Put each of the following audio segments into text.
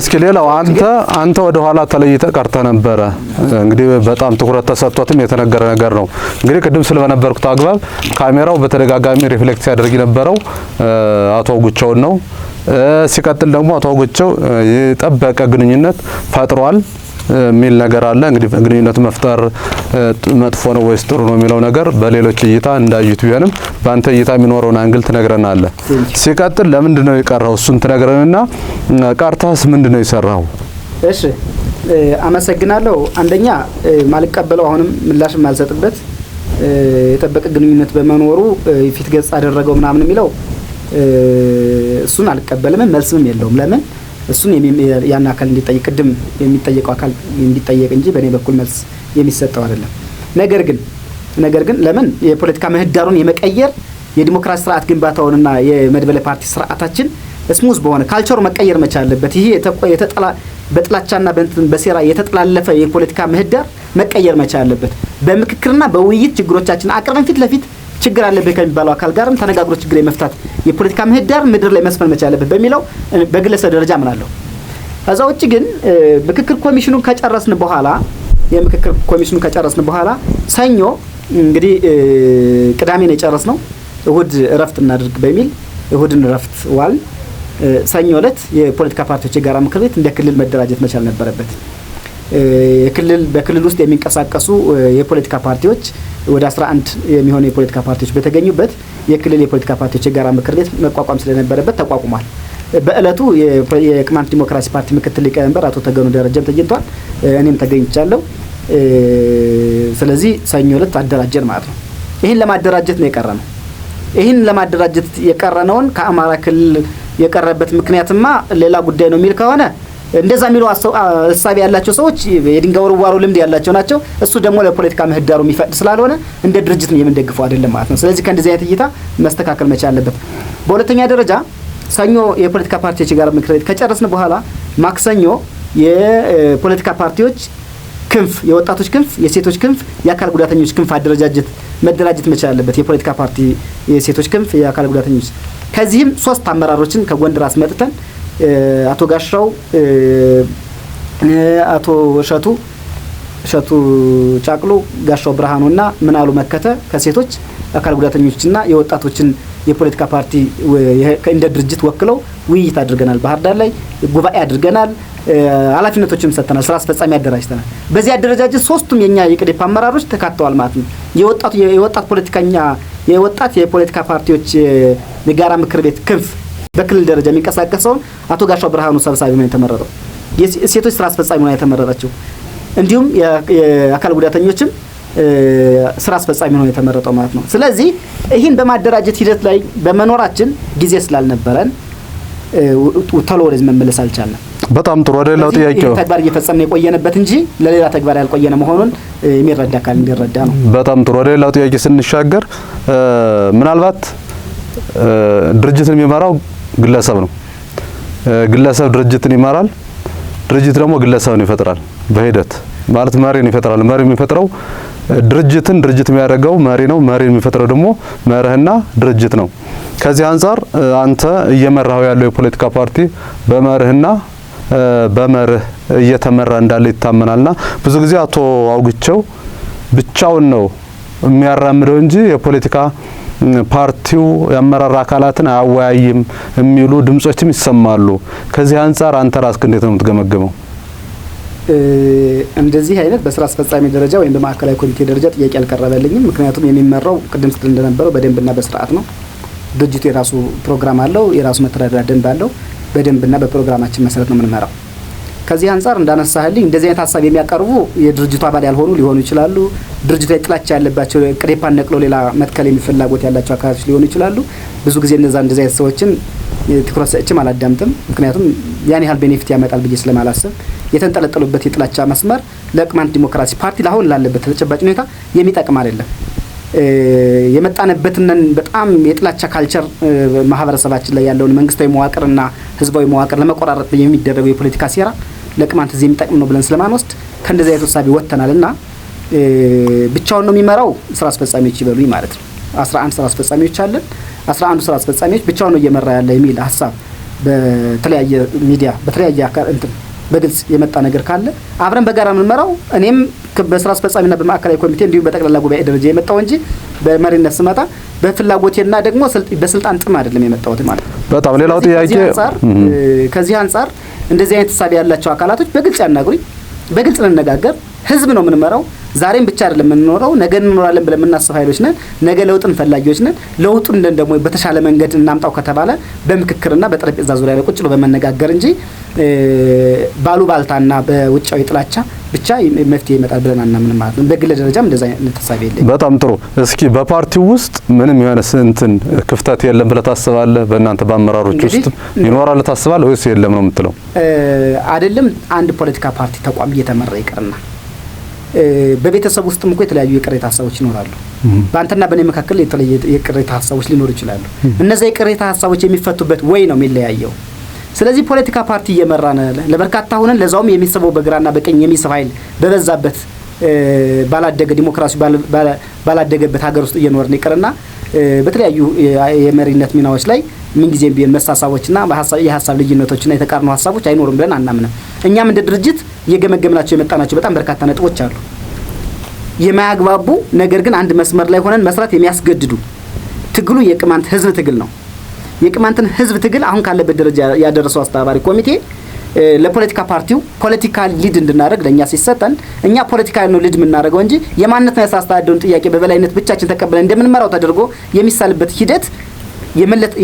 እስኪ ሌላው አንተ አንተ ወደ ኋላ ተለይተ ቀርተ ነበረ። እንግዲህ በጣም ትኩረት ተሰጥቶትም የተነገረ ነገር ነው። እንግዲህ ቅድም ስለበነበርኩት አግባብ ካሜራው በተደጋጋሚ ሪፍሌክት ያደርግ የነበረው አቶ ጉቸውን ነው። ሲቀጥል ደግሞ አቶ ጉቸው የጠበቀ ግንኙነት ፈጥሯል። የሚል ነገር አለ። እንግዲህ ግንኙነት መፍጠር መጥፎ ነው ወይስ ጥሩ ነው የሚለው ነገር በሌሎች እይታ እንዳዩት ቢሆንም በአንተ እይታ የሚኖረውን አንግል አለ። ሲቀጥል ለምንድን ነው የቀረው እሱን ትነግረንና ቀርተህስ ምንድ ነው የሰራው? እሺ አመሰግናለሁ። አንደኛ ማልቀበለው አሁንም ምላሽ ማልሰጥበት የጠበቀ ግንኙነት በመኖሩ የፊት ገጽ አደረገው ምናምን የሚለው እሱን አልቀበልም፣ መልስም የለውም። ለምን እሱን ያን አካል እንዲጠይቅ ቅድም የሚጠየቀው አካል እንዲጠየቅ እንጂ በእኔ በኩል መልስ የሚሰጠው አይደለም። ነገር ግን ነገር ግን ለምን የፖለቲካ ምህዳሩን የመቀየር የዲሞክራሲ ስርዓት ግንባታውንና የመድበለ ፓርቲ ስርዓታችን ስሙዝ በሆነ ካልቸሩ መቀየር መቻ አለበት። ይሄ በጥላቻና በሴራ የተጠላለፈ የፖለቲካ ምህዳር መቀየር መቻ አለበት። በምክክርና በውይይት ችግሮቻችን አቅርበን ፊት ለፊት ችግር አለብህ ከሚባለው አካል ጋርም ተነጋግሮ ችግር የመፍታት የፖለቲካ ምህዳር ምድር ላይ መስፈን መቻል አለበት በሚለው በግለሰብ ደረጃ ምናለሁ። ከዛ ውጭ ግን ምክክር ኮሚሽኑን ከጨረስን በኋላ የምክክር ኮሚሽኑን ከጨረስን በኋላ ሰኞ እንግዲህ ቅዳሜ ነው ነው እሁድ እረፍት እናድርግ በሚል እሁድን እረፍት ዋል። ሰኞ እለት የፖለቲካ ፓርቲዎች የጋራ ምክር ቤት እንደ ክልል መደራጀት መቻል ነበረበት። የክልል በክልል ውስጥ የሚንቀሳቀሱ የፖለቲካ ፓርቲዎች ወደ 11 የሚሆኑ የፖለቲካ ፓርቲዎች በተገኙበት የክልል የፖለቲካ ፓርቲዎች የጋራ ምክር ቤት መቋቋም ስለነበረበት ተቋቁሟል። በእለቱ የቅማንት ዲሞክራሲ ፓርቲ ምክትል ሊቀመንበር አቶ ተገኑ ደረጀም ተገኝቷል። እኔም ተገኝቻለሁ። ስለዚህ ሰኞ እለት አደራጀን ማለት ነው። ይህን ለማደራጀት ነው የቀረ ነው። ይህን ለማደራጀት የቀረ ነውን ከአማራ ክልል የቀረበት ምክንያትማ ሌላ ጉዳይ ነው የሚል ከሆነ እንደዛ የሚሉ እሳቤ ያላቸው ሰዎች የድንጋይ ውርዋሮ ልምድ ያላቸው ናቸው። እሱ ደግሞ ለፖለቲካ ምህዳሩ የሚፈቅድ ስላልሆነ እንደ ድርጅት ነው የምንደግፈው አይደለም ማለት ነው። ስለዚህ ከእንደዚህ አይነት እይታ መስተካከል መቻል አለበት። በሁለተኛ ደረጃ ሰኞ የፖለቲካ ፓርቲዎች ጋር ምክር ቤት ከጨረስን በኋላ ማክሰኞ የፖለቲካ ፓርቲዎች ክንፍ፣ የወጣቶች ክንፍ፣ የሴቶች ክንፍ፣ የአካል ጉዳተኞች ክንፍ አደረጃጀት መደራጀት መቻል አለበት። የፖለቲካ ፓርቲ የሴቶች ክንፍ፣ የአካል ጉዳተኞች ከዚህም ሶስት አመራሮችን ከጎንደር አስመጥተን አቶ ጋሻው፣ አቶ እሸቱ እሸቱ ጫቅሎ፣ ጋሻው ብርሃኑና ምናሉ መከተ ከሴቶች አካል ጉዳተኞችና የወጣቶችን የፖለቲካ ፓርቲ እንደ ድርጅት ወክለው ውይይት አድርገናል። ባህር ዳር ላይ ጉባኤ አድርገናል። ኃላፊነቶችም ሰጥተናል። ስራ አስፈጻሚ አደራጅተናል። በዚህ አደረጃጀት ሶስቱም የኛ የቅዴፕ አመራሮች ተካተዋል ማለት ነው። የወጣት የወጣት ፖለቲከኛ የወጣት የፖለቲካ ፓርቲዎች የጋራ ምክር ቤት ክንፍ በክልል ደረጃ የሚንቀሳቀሰውን አቶ ጋሻው ብርሃኑ ሰብሳቢ ነው የተመረጠው። የሴቶች ስራ አስፈጻሚ ነው የተመረጠችው። እንዲሁም የአካል ጉዳተኞችም ስራ አስፈጻሚ ነው የተመረጠው ማለት ነው። ስለዚህ ይህን በማደራጀት ሂደት ላይ በመኖራችን ጊዜ ስላልነበረን ተሎ ወደዚህ መመለስ አልቻለም። በጣም ጥሩ። ወደ ሌላው ጥያቄ ተግባር እየፈጸምን የቆየንበት እንጂ ለሌላ ተግባር ያልቆየነ መሆኑን የሚረዳ አካል እንዲረዳ ነው። በጣም ጥሩ። ወደ ሌላው ጥያቄ ስንሻገር ምናልባት ድርጅትን የሚመራው ግለሰብ ነው። ግለሰብ ድርጅትን ይመራል። ድርጅት ደግሞ ግለሰብን ይፈጥራል። በሂደት ማለት መሪን ይፈጥራል። መሪ የሚፈጥረው ድርጅትን ድርጅት የሚያደርገው መሪ ነው። መሪ የሚፈጥረው ደግሞ መርህና ድርጅት ነው። ከዚህ አንጻር አንተ እየመራው ያለው የፖለቲካ ፓርቲ በመርህና በመርህ እየተመራ እንዳለ ይታመናልና ብዙ ጊዜ አቶ አውግቸው ብቻውን ነው የሚያራምደው እንጂ የፖለቲካ ፓርቲው የአመራር አካላትን አያወያይም የሚሉ ድምጾችም ይሰማሉ። ከዚህ አንጻር አንተ ራስክ እንዴት ነው የምትገመግመው? እንደዚህ አይነት በስራ አስፈጻሚ ደረጃ ወይም በማዕከላዊ ኮሚቴ ደረጃ ጥያቄ አልቀረበልኝም። ምክንያቱም የሚመራው ቅድም ስትል እንደነበረው በደንብና በስርዓት ነው። ድርጅቱ የራሱ ፕሮግራም አለው፣ የራሱ መተዳደሪያ ደንብ አለው። በደንብና በፕሮግራማችን መሰረት ነው የምንመራው። ከዚህ አንጻር እንዳነሳህልኝ እንደዚህ አይነት ሀሳብ የሚያቀርቡ የድርጅቱ አባል ያልሆኑ ሊሆኑ ይችላሉ። ድርጅቱ ጥላቻ ያለባቸው ቅዴፓን ነቅለው ሌላ መትከል የሚፈላጎት ያላቸው አካባቢዎች ሊሆኑ ይችላሉ። ብዙ ጊዜ እነዛ እንደዚህ አይነት ሰዎችን ትኩረት ሰጭም አላዳምጥም። ምክንያቱም ያን ያህል ቤኔፊት ያመጣል ብዬ ስለማላስብ የተንጠለጠሉበት የጥላቻ መስመር ለቅማንት ዲሞክራሲ ፓርቲ ለአሁን ላለበት ተጨባጭ ሁኔታ የሚጠቅም አይደለም። የመጣንበትንን በጣም የጥላቻ ካልቸር ማህበረሰባችን ላይ ያለውን መንግስታዊ መዋቅርና ህዝባዊ መዋቅር ለመቆራረጥ የሚደረገው የፖለቲካ ሴራ ለቅማንት እዚህ የሚጠቅም ነው ብለን ስለማንወስድ ከእንደዚህ አይነት ወሳቢ ወጥተናል እና ብቻውን ነው የሚመራው ስራ አስፈጻሚዎች ይበሉኝ ማለት ነው። አስራ አንድ ስራ አስፈጻሚዎች አለን። አስራ አንዱ ስራ አስፈጻሚዎች ብቻውን ነው እየመራ ያለ የሚል ሀሳብ በተለያየ ሚዲያ በተለያየ አካል እንትን በግልጽ የመጣ ነገር ካለ አብረን በጋራ የምንመራው እኔም በስራ አስፈጻሚና በማዕከላዊ ኮሚቴ እንዲሁም በጠቅላላ ጉባኤ ደረጃ የመጣው እንጂ በመሪነት ስመጣ በፍላጎቴና ደግሞ በስልጣን ጥም አይደለም የመጣሁት ማለት ነው። በጣም ሌላው ጥያቄ ከዚህ አንጻር እንደዚህ አይነት ሳቢያ ያላቸው አካላቶች በግልጽ ያናግሩኝ፣ በግልጽ እንነጋገር። ህዝብ ነው የምንመራው። ዛሬም ብቻ አይደለም የምንኖረው፣ ነገ እንኖራለን ብለን የምናስብ ኃይሎች ነን። ነገ ለውጥን ፈላጊዎች ነን። ለውጡን ደግሞ በተሻለ መንገድ እናምጣው ከተባለ በምክክርና በጠረጴዛ ዙሪያ ላይ ቁጭ ብሎ በመነጋገር እንጂ ባሉባልታና በውጫዊ ጥላቻ ብቻ መፍትሄ ይመጣል ብለን አናምንም ማለት ነው። በግለ ደረጃም እንደዛ አይነት የለኝም። በጣም ጥሩ። እስኪ በፓርቲው ውስጥ ምንም የሆነ ስንትን ክፍተት የለም ብለህ ታስባለህ? በእናንተ በአመራሮች ውስጥ ይኖራል ታስባለህ ወይስ የለም ነው የምትለው? አይደለም አንድ ፖለቲካ ፓርቲ ተቋም እየተመራ ይቅርና በቤተሰብ ውስጥም እኮ የተለያዩ የቅሬታ ሀሳቦች ይኖራሉ። በአንተና በእኔ መካከል የተለየ የቅሬታ ሀሳቦች ሊኖሩ ይችላሉ። እነዚያ የቅሬታ ሀሳቦች የሚፈቱበት ወይ ነው የሚለያየው። ስለዚህ ፖለቲካ ፓርቲ እየመራን ለበርካታ ሆነን ለዛውም የሚሰበው በግራና በቀኝ የሚስብ ኃይል በበዛበት ባላደገ ዲሞክራሲ ባላደገበት ሀገር ውስጥ እየኖርን ይቅርና በተለያዩ የመሪነት ሚናዎች ላይ ምንጊዜም ቢሆን መሳሳቦችና የሀሳብ ልዩነቶችና የተቃርኑ ሀሳቦች አይኖሩም ብለን አናምንም። እኛም እንደ ድርጅት እየገመገምናቸው የመጣናቸው በጣም በርካታ ነጥቦች አሉ። የማያግባቡ ነገር ግን አንድ መስመር ላይ ሆነን መስራት የሚያስገድዱ ትግሉ የቅማንት ህዝብ ትግል ነው። የቅማንትን ህዝብ ትግል አሁን ካለበት ደረጃ ያደረሰው አስተባባሪ ኮሚቴ ለፖለቲካ ፓርቲው ፖለቲካል ሊድ እንድናደርግ ለእኛ ሲሰጠን እኛ ፖለቲካ ነው ሊድ የምናደርገው እንጂ የማንነትና የስራ ጥያቄ በበላይነት ብቻችን ተቀብለን እንደምንመራው ተደርጎ የሚሳልበት ሂደት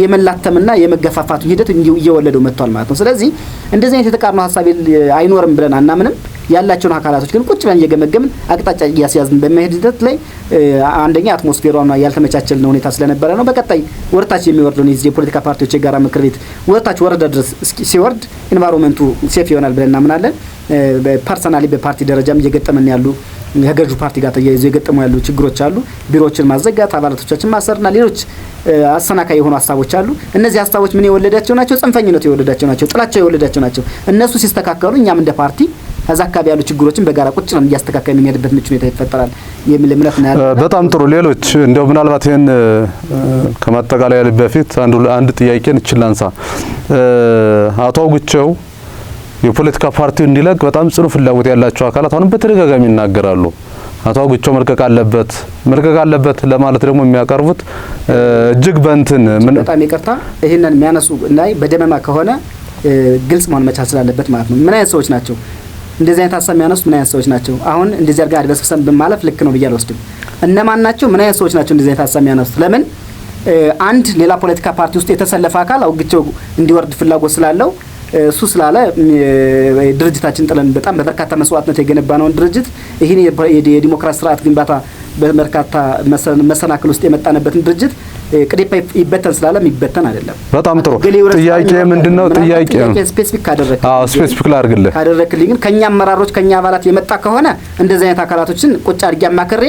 የመላተምና የመገፋፋቱ ሂደት እየወለደው መጥቷል ማለት ነው። ስለዚህ እንደዚህ አይነት የተቃርኖ ሀሳብ አይኖርም ብለን አናምንም። ያላቸውን አካላቶች ግን ቁጭ ብለን እየገመገምን አቅጣጫ እያስያዝን በመሄድ ሂደት ላይ አንደኛ አትሞስፌሯና ያልተመቻቸልን ሁኔታ ስለነበረ ነው። በቀጣይ ወርታች የሚወርደ የዚህ የፖለቲካ ፓርቲዎች የጋራ ምክር ቤት ወርታች ወረዳ ድረስ ሲወርድ ኢንቫይሮንመንቱ ሴፍ ይሆናል ብለን እናምናለን። ፐርሰናሊ በፓርቲ ደረጃም እየገጠመን ያሉ ከገዢው ፓርቲ ጋር ተያይዞ የገጠሙ ያሉ ችግሮች አሉ። ቢሮዎችን ማዘጋት፣ አባላቶቻችን ማሰርና ሌሎች አሰናካይ የሆኑ ሀሳቦች አሉ። እነዚህ ሀሳቦች ምን የወለዳቸው ናቸው? ጽንፈኝነት የወለዳቸው ናቸው። ጥላቸው የወለዳቸው ናቸው። እነሱ ሲስተካከሉ እኛም እንደ ፓርቲ ከዛ አካባቢ ያሉ ችግሮችን በጋራ ቁጭ ነው እያስተካከል የሚሄድበት ምቹ ሁኔታ ይፈጠራል የሚል እምነት ነው ያለ። በጣም ጥሩ። ሌሎች እንደው ምናልባት ይህን ከማጠቃለያ በፊት አንድ ጥያቄን እችል ላንሳ አቶ አውግቸው የፖለቲካ ፓርቲው እንዲለቅ በጣም ጽኑ ፍላጎት ያላቸው አካላት አሁንም በተደጋጋሚ ይናገራሉ። አቶ አጉቾ መልቀቅ አለበት መልቀቅ አለበት ለማለት ደግሞ የሚያቀርቡት እጅግ በእንትን በጣም ይቅርታ ይህንን የሚያነሱ ላይ በደመማ ከሆነ ግልጽ መሆን መቻል ስላለበት ማለት ነው። ምን አይነት ሰዎች ናቸው እንደዚህ አይነት ሀሳብ የሚያነሱት? ምን አይነት ሰዎች ናቸው? አሁን እንደዚህ አድርጋ አድበስብሰን በማለፍ ልክ ነው ብዬ አልወስድም። እነማን ናቸው? ምን አይነት ሰዎች ናቸው እንደዚህ አይነት ሀሳብ የሚያነሱት? ለምን አንድ ሌላ ፖለቲካ ፓርቲ ውስጥ የተሰለፈ አካል አውግቸው እንዲወርድ ፍላጎት ስላለው እሱ ስላለ ድርጅታችን ጥለን በጣም በበርካታ መስዋዕትነት የገነባ ነውን ድርጅት ይህን የዲሞክራሲ ስርዓት ግንባታ በበርካታ መሰናክል ውስጥ የመጣንበትን ድርጅት ቅዴፓ ይበተን ስላለ ይበተን አይደለም። በጣም ጥሩ ጥያቄ ምንድን ነው? ጥያቄ ስፔሲፊክ ካደረግክ ስፔሲፊክ ላድርግልህ ካደረግክልኝ ግን ከእኛ አመራሮች ከእኛ አባላት የመጣ ከሆነ እንደዚህ አይነት አካላቶችን ቁጭ አድርጌ አማክሬ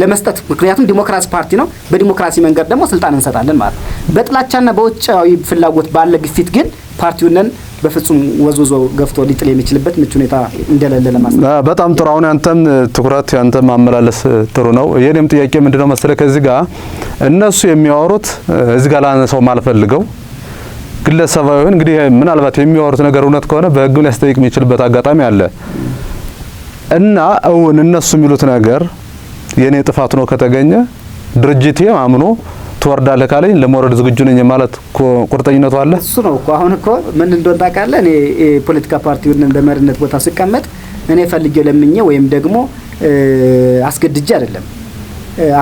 ለመስጠት ምክንያቱም ዲሞክራሲ ፓርቲ ነው። በዲሞክራሲ መንገድ ደግሞ ስልጣን እንሰጣለን ማለት ነው። በጥላቻና በውጫዊ ፍላጎት ባለ ግፊት ግን ፓርቲውነን በፍጹም ወዝውዞ ገፍቶ ሊጥል የሚችልበት ምቹ ሁኔታ እንደሌለ ለማስረ በጣም ጥሩ። አሁን ያንተም ትኩረት ያንተም አመላለስ ጥሩ ነው። የኔም ጥያቄ ምንድነው መሰለ ከዚህ ጋር እነሱ የሚያወሩት እዚህ ጋር ሰው ማልፈልገው ግለሰባዊ እንግዲህ ምናልባት የሚያወሩት ነገር እውነት ከሆነ በሕግም ሊያስጠይቅ የሚችልበት አጋጣሚ አለ እና እውን እነሱ የሚሉት ነገር የኔ ጥፋት ነው ከተገኘ ድርጅቴ አምኖ ትወርዳለህ ካለኝ ለመውረድ ዝግጁ ነኝ ማለት ቁርጠኝነቱ አለ። እሱ ነው እኮ አሁን እኮ ምን እንደሆነ ታውቃለህ። እኔ የፖለቲካ ፓርቲውን በመሪነት ቦታ ስቀመጥ እኔ ፈልጌ ለምኜ ወይም ደግሞ አስገድጄ አይደለም።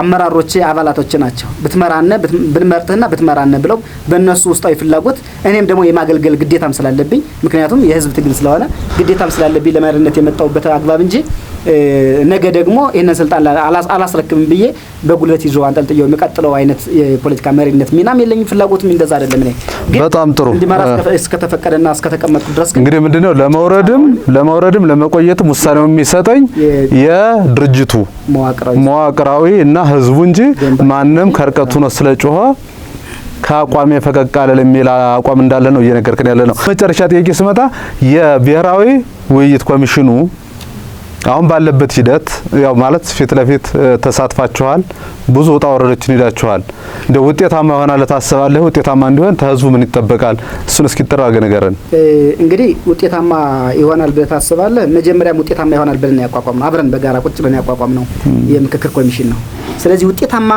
አመራሮቼ አባላቶቼ ናቸው። ብትመራነ ብንመርጥህና ብትመራነ ብለው በእነሱ ውስጣዊ ፍላጎት እኔም ደግሞ የማገልገል ግዴታም ስላለብኝ፣ ምክንያቱም የህዝብ ትግል ስለሆነ ግዴታም ስላለብኝ ለመሪነት የመጣውበት አግባብ እንጂ ነገ ደግሞ ይህንን ስልጣን አላስረክብም ብዬ በጉልበት ይዞ አንጠልጥየው የሚቀጥለው አይነት የፖለቲካ መሪነት ሚናም የለኝም፣ ፍላጎትም እንደዛ አይደለም። እኔ በጣም ጥሩ እንዲመራ እስከተፈቀደና እስከተቀመጥኩ ድረስ እንግዲህ ምንድነው ለመውረድም ለመውረድም ለመቆየትም ውሳኔው የሚሰጠኝ የድርጅቱ መዋቅራዊ እና ህዝቡ እንጂ ማንም ከርቀቱ ነው ስለ ጮኸ ከአቋም የፈቀቅ አለል የሚል አቋም እንዳለ ነው እየነገርክን ያለ ነው። መጨረሻ ጥያቄ ስመጣ የብሔራዊ ውይይት ኮሚሽኑ አሁን ባለበት ሂደት ያው ማለት ፊት ለፊት ተሳትፋችኋል፣ ብዙ ውጣ ወረዶችን ሂዳችኋል። እንደ ውጤታማ ይሆናል ታስባለህ? ውጤታማ እንዲሆን ተህዝቡ ምን ይጠበቃል? እሱን እስኪ ተራገ ነገርን እንግዲህ ውጤታማ ይሆናል ብለህ ታስባለህ? መጀመሪያም ውጤታማ ይሆናል ብለን ያቋቋም ነው፣ አብረን በጋራ ቁጭ ብለን ያቋቋም ነው የምክክር ኮሚሽን ነው። ስለዚህ ውጤታማ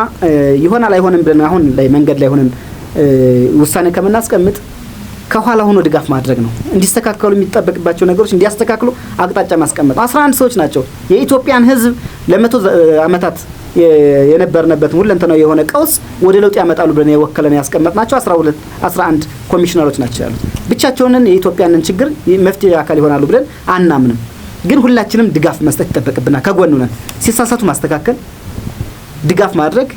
ይሆናል አይሆንም ብለን አሁን ላይ መንገድ ላይ ሆነን ውሳኔ ከምናስቀምጥ ከኋላ ሆኖ ድጋፍ ማድረግ ነው። እንዲስተካከሉ የሚጠበቅባቸው ነገሮች እንዲያስተካክሉ አቅጣጫ ማስቀመጥ ነው። አስራ አንድ ሰዎች ናቸው የኢትዮጵያን ህዝብ ለመቶ ዓመታት የነበርንበት ሁለንተናዊ የሆነ ቀውስ ወደ ለውጥ ያመጣሉ ብለን የወከለን ያስቀመጥ ናቸው አስራ አንድ ኮሚሽነሮች ናቸው ያሉት። ብቻቸውንን የኢትዮጵያንን ችግር መፍትሄ አካል ይሆናሉ ብለን አናምንም። ግን ሁላችንም ድጋፍ መስጠት ይጠበቅብናል። ከጎኑ ነን። ሲሳሳቱ ማስተካከል፣ ድጋፍ ማድረግ፣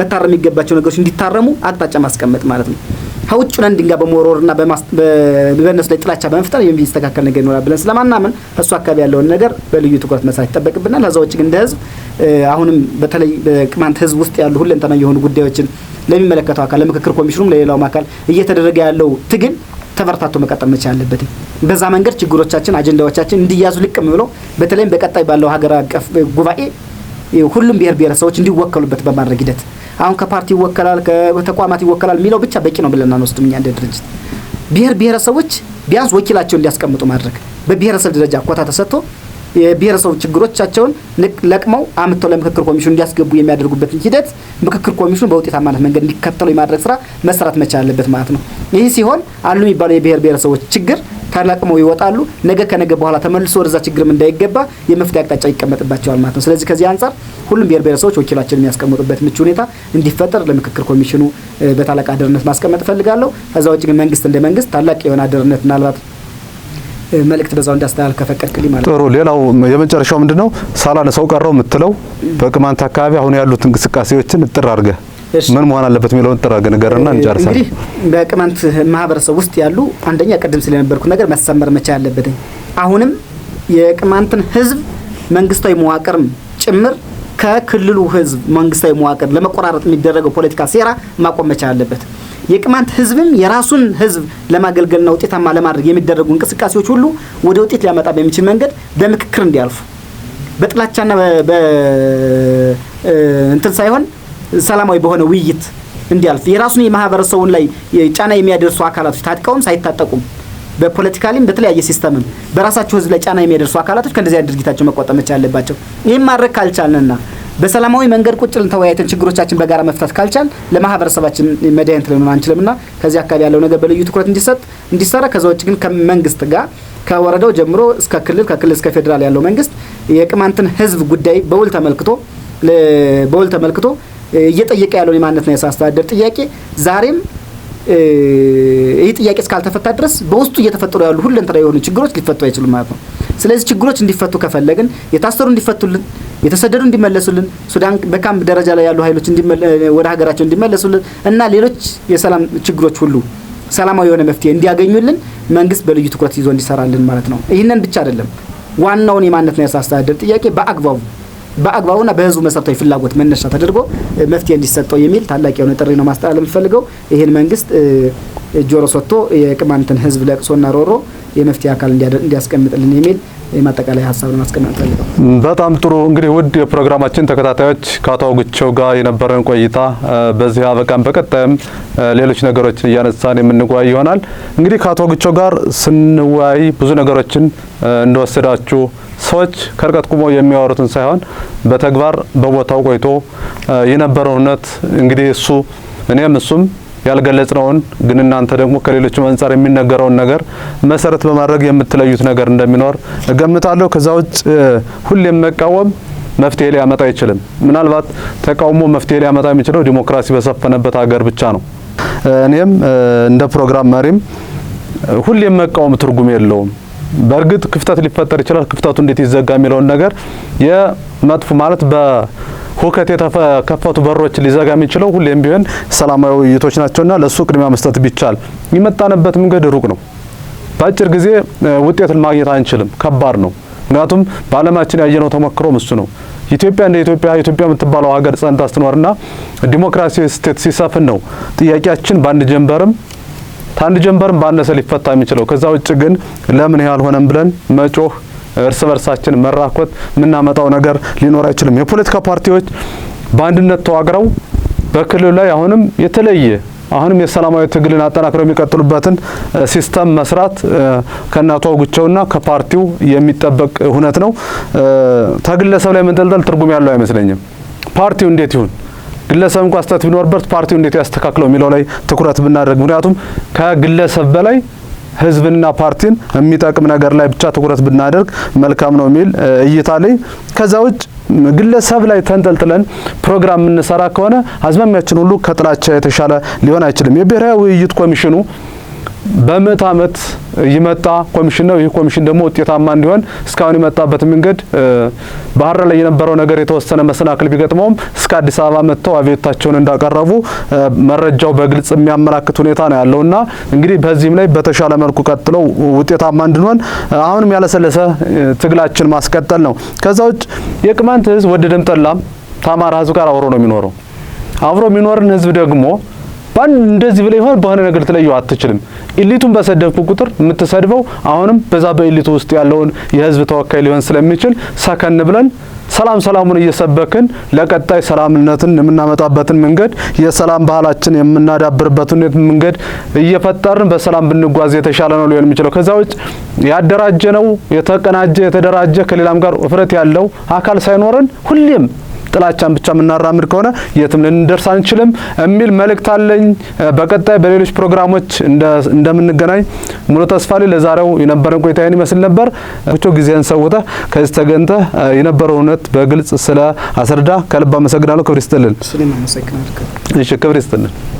መታረም የሚገባቸው ነገሮች እንዲታረሙ አቅጣጫ ማስቀመጥ ማለት ነው። ከውጭ ሆነን ድንጋይ በመወርወርና በእነሱ ላይ ጥላቻ በመፍጠር የሚስተካከል ነገር ይኖራል ብለን ስለማናምን እሱ አካባቢ ያለውን ነገር በልዩ ትኩረት መስራት ይጠበቅብናል። ከዛ ውጭ ግን እንደ ህዝብ አሁንም በተለይ በቅማንት ህዝብ ውስጥ ያሉ ሁለንተና የሆኑ ጉዳዮችን ለሚመለከተው አካል ለምክክር ኮሚሽኑም ለሌላውም አካል እየተደረገ ያለው ትግል ተበርታቶ መቀጠል መቻል አለበት። በዛ መንገድ ችግሮቻችን፣ አጀንዳዎቻችን እንዲያዙ ልቅም ብሎ በተለይም በቀጣይ ባለው ሀገር አቀፍ ጉባኤ ሁሉም ብሔር ብሔረሰቦች እንዲወከሉበት በማድረግ ሂደት አሁን ከፓርቲ ይወከላል፣ ከተቋማት ይወከላል የሚለው ብቻ በቂ ነው ብለን አንወስድም እኛ እንደ ድርጅት። ብሔር ብሔረሰቦች ቢያንስ ወኪላቸውን እንዲያስቀምጡ ማድረግ በብሔረሰብ ደረጃ ኮታ ተሰጥቶ የብሔረሰቡ ችግሮቻቸውን ለቅመው አምጥተው ለምክክር ኮሚሽኑ እንዲያስገቡ የሚያደርጉበትን ሂደት ምክክር ኮሚሽኑ በውጤታማነት መንገድ እንዲከተለው የማድረግ ስራ መሰራት መቻል አለበት ማለት ነው። ይህ ሲሆን አሉ የሚባለው የብሔር ብሔረሰቦች ችግር ከለቅመው ይወጣሉ። ነገ ከነገ በኋላ ተመልሶ ወደዛ ችግርም እንዳይገባ የመፍትሄ አቅጣጫ ይቀመጥባቸዋል ማለት ነው። ስለዚህ ከዚህ አንጻር ሁሉም ብሔር ብሔረሰቦች ወኪላችን የሚያስቀምጡበት ምቹ ሁኔታ እንዲፈጠር ለምክክር ኮሚሽኑ በታላቅ አደርነት ማስቀመጥ እፈልጋለሁ። ከዛ ውጭ ግን መንግስት እንደ መንግስት ታላቅ የሆነ አደርነት ምናልባት መልእክት በዛው እንዳስተላል ከፈቀድክልኝ ማለት ነው። ጥሩ። ሌላው የመጨረሻው ምንድን ነው? ምንድነው ሰው ቀረው የምትለው በቅማንት አካባቢ አሁን ያሉት እንቅስቃሴዎችን እጥር አድርገህ ምን መሆን አለበት የሚለውን እጥር አድርገህ ንገረና እንጨርሳለን። እንግዲህ በቅማንት ማህበረሰብ ውስጥ ያሉ አንደኛ ቅድም ስለነበርኩት ነገር መሰመር መቻል አለበት። አሁንም የቅማንትን ህዝብ መንግስታዊ መዋቅርም ጭምር ከክልሉ ህዝብ መንግስታዊ መዋቅር ለመቆራረጥ የሚደረገው ፖለቲካ ሴራ ማቆም መቻል አለበት። የቅማንት ህዝብም የራሱን ህዝብ ለማገልገልና ውጤታማ ለማድረግ የሚደረጉ እንቅስቃሴዎች ሁሉ ወደ ውጤት ሊያመጣ በሚችል መንገድ በምክክር እንዲያልፉ በጥላቻና እንትን ሳይሆን ሰላማዊ በሆነ ውይይት እንዲያልፍ የራሱን የማህበረሰቡን ላይ ጫና የሚያደርሱ አካላቶች ታጥቀውም ሳይታጠቁም በፖለቲካሊም በተለያየ ሲስተምም በራሳቸው ህዝብ ላይ ጫና የሚያደርሱ አካላቶች ከእንደዚህ ድርጊታቸው መቆጠብ ያለባቸው ይህም ማድረግ ካልቻልንና በሰላማዊ መንገድ ቁጭ ልን ተወያይተን ችግሮቻችን በጋራ መፍታት ካልቻል ለማህበረሰባችን መድኃኒት ልንሆን አንችልምና ከዚህ አካባቢ ያለው ነገር በልዩ ትኩረት እንዲሰጥ እንዲሰራ ከዛ ውጭ ግን ከመንግስት ጋር ከወረዳው ጀምሮ እስከ ክልል ከክልል እስከ ፌዴራል ያለው መንግስት የቅማንትን ህዝብ ጉዳይ በውል ተመልክቶ በውል ተመልክቶ እየጠየቀ ያለውን የማንነትና የራስ አስተዳደር ጥያቄ ዛሬም ይህ ጥያቄ እስካልተፈታ ድረስ በውስጡ እየተፈጠሩ ያሉ ሁለንተናዊ የሆኑ ችግሮች ሊፈቱ አይችሉም ማለት ነው። ስለዚህ ችግሮች እንዲፈቱ ከፈለግን የታሰሩ እንዲፈቱልን፣ የተሰደዱ እንዲመለሱልን፣ ሱዳን በካምፕ ደረጃ ላይ ያሉ ኃይሎች ወደ ሀገራቸው እንዲመለሱልን እና ሌሎች የሰላም ችግሮች ሁሉ ሰላማዊ የሆነ መፍትሄ እንዲያገኙልን መንግስት በልዩ ትኩረት ይዞ እንዲሰራልን ማለት ነው። ይህንን ብቻ አይደለም ዋናውን የማንነትና የራስ አስተዳደር ጥያቄ በአግባቡ በአግባቡና በህዝቡ መሰረታዊ ፍላጎት መነሻ ተደርጎ መፍትሄ እንዲሰጠው የሚል ታላቅ የሆነ ጥሪ ነው ማስተላለፍ የምፈልገው። ይህን መንግስት ጆሮ ሰጥቶ የቅማንትን ህዝብ ለቅሶና ሮሮ የመፍትሄ አካል እንዲያስቀምጥልን የሚል የማጠቃላይ ሀሳብ ለማስቀመጥ ፈልገው። በጣም ጥሩ። እንግዲህ ውድ የፕሮግራማችን ተከታታዮች ከአቶ አውግቸው ጋር የነበረን ቆይታ በዚህ አበቃን። በቀጣይም ሌሎች ነገሮችን እያነሳን የምንጓይ ይሆናል። እንግዲህ ከአቶ አውግቸው ጋር ስንወያይ ብዙ ነገሮችን እንደወሰዳችሁ ሰዎች ከርቀት ቁመው የሚያወሩትን ሳይሆን በተግባር በቦታው ቆይቶ የነበረው እውነት እንግዲህ እሱ እኔም እሱም ያልገለጽነውን ግን እናንተ ደግሞ ከሌሎችም አንጻር የሚነገረውን ነገር መሰረት በማድረግ የምትለዩት ነገር እንደሚኖር እገምታለሁ። ከዛ ውጭ ሁሌም መቃወም መፍትሄ ሊያመጣ አይችልም። ምናልባት ተቃውሞ መፍትሄ ሊያመጣ የሚችለው ዲሞክራሲ በሰፈነበት ሀገር ብቻ ነው። እኔም እንደ ፕሮግራም መሪም ሁሌም መቃወም ትርጉም የለውም። በእርግጥ ክፍተት ሊፈጠር ይችላል። ክፍተቱ እንዴት ይዘጋ የሚለውን ነገር የመጥፎ ማለት በሁከት የተከፈቱ በሮች ሊዘጋ የሚችለው ሁሌም ቢሆን ሰላማዊ ውይይቶች ናቸውና ለሱ ቅድሚያ መስጠት ቢቻል። የመጣንበት መንገድ ሩቅ ነው። በአጭር ጊዜ ውጤት ማግኘት አንችልም። ከባድ ነው። ምክንያቱም በዓለማችን ያየነው ተሞክሮም እሱ ነው። ኢትዮጵያ እንደ ኢትዮጵያ ኢትዮጵያ የምትባለው ሀገር ጸንታ ስትኖርና ዲሞክራሲ ስቴት ሲሰፍን ነው ጥያቄያችን በአንድ ጀንበርም ታንድ ጀንበርም ባነሰ ሊፈታ የሚችለው። ከዛ ውጭ ግን ለምን ያልሆነም ብለን መጮህ፣ እርስ በርሳችን መራኮት የምናመጣው ነገር ሊኖር አይችልም። የፖለቲካ ፓርቲዎች በአንድነት ተዋቅረው በክልሉ ላይ አሁንም የተለየ አሁንም የሰላማዊ ትግልን አጠናክረው የሚቀጥሉበትን ሲስተም መስራት ከእናቷ ጉቸውና ከፓርቲው የሚጠበቅ እውነት ነው። ተግለሰብ ላይ መንጠልጠል ትርጉም ያለው አይመስለኝም። ፓርቲው እንዴት ይሁን ግለሰብ እንኳ ስህተት ቢኖርበት ፓርቲው እንዴት ያስተካክለው የሚለው ላይ ትኩረት ብናደርግ፣ ምክንያቱም ከግለሰብ በላይ ህዝብና ፓርቲን የሚጠቅም ነገር ላይ ብቻ ትኩረት ብናደርግ መልካም ነው የሚል እይታ ላይ ከዛ ውጭ ግለሰብ ላይ ተንጠልጥለን ፕሮግራም የምንሰራ ከሆነ አዝማሚያችን ሁሉ ከጥላቻ የተሻለ ሊሆን አይችልም። የብሔራዊ ውይይት ኮሚሽኑ በምዕት ዓመት የመጣ ኮሚሽን ነው። ይህ ኮሚሽን ደግሞ ውጤታማ እንዲሆን እስካሁን የመጣበት መንገድ ባህር ዳር ላይ የነበረው ነገር የተወሰነ መሰናክል ቢገጥመውም እስከ አዲስ አበባ መጥተው አቤቱታቸውን እንዳቀረቡ መረጃው በግልጽ የሚያመላክት ሁኔታ ነው ያለውና እንግዲህ በዚህም ላይ በተሻለ መልኩ ቀጥለው ውጤታማ እንድንሆን አሁንም ያለሰለሰ ትግላችን ማስቀጠል ነው። ከዛ ውጭ የቅማንት ህዝብ ወደደም ጠላም ታማራ ህዝብ ጋር አብሮ ነው የሚኖረው። አብሮ የሚኖርን ህዝብ ደግሞ እንደዚህ ብለ ይሆን በሆነ ነገር ትለየው አትችልም። ኢሊቱን በሰደብክ ቁጥር የምትሰድበው አሁንም በዛ በኢሊቱ ውስጥ ያለውን የህዝብ ተወካይ ሊሆን ስለሚችል ሰከን ብለን ሰላም ሰላሙን እየሰበክን ለቀጣይ ሰላምነትን የምናመጣበትን መንገድ የሰላም ባህላችን ሁኔት መንገድ እየፈጠርን በሰላም ብንጓዝ የተሻለ ነው ሊሆን የሚችለው። ከዛ ውጭ ያደራጀ ነው የተቀናጀ የተደራጀ ከሌላም ጋር እፍረት ያለው አካል ሳይኖረን ሁሌም ጥላቻን ብቻ የምናራምድ ከሆነ የትም ልንደርስ አንችልም የሚል መልእክት አለኝ። በቀጣይ በሌሎች ፕሮግራሞች እንደምንገናኝ ሙሉ ተስፋ ላይ ለዛሬው የነበረን ቆይታ ይህን ይመስል ነበር። ብቻው ጊዜን ሰውተህ ከዚህ ተገንተህ የነበረው እውነት በግልጽ ስለ አስረዳ ከልብ አመሰግናለሁ። ክብር ይስጥልን። እሺ፣ ክብር ይስጥልን።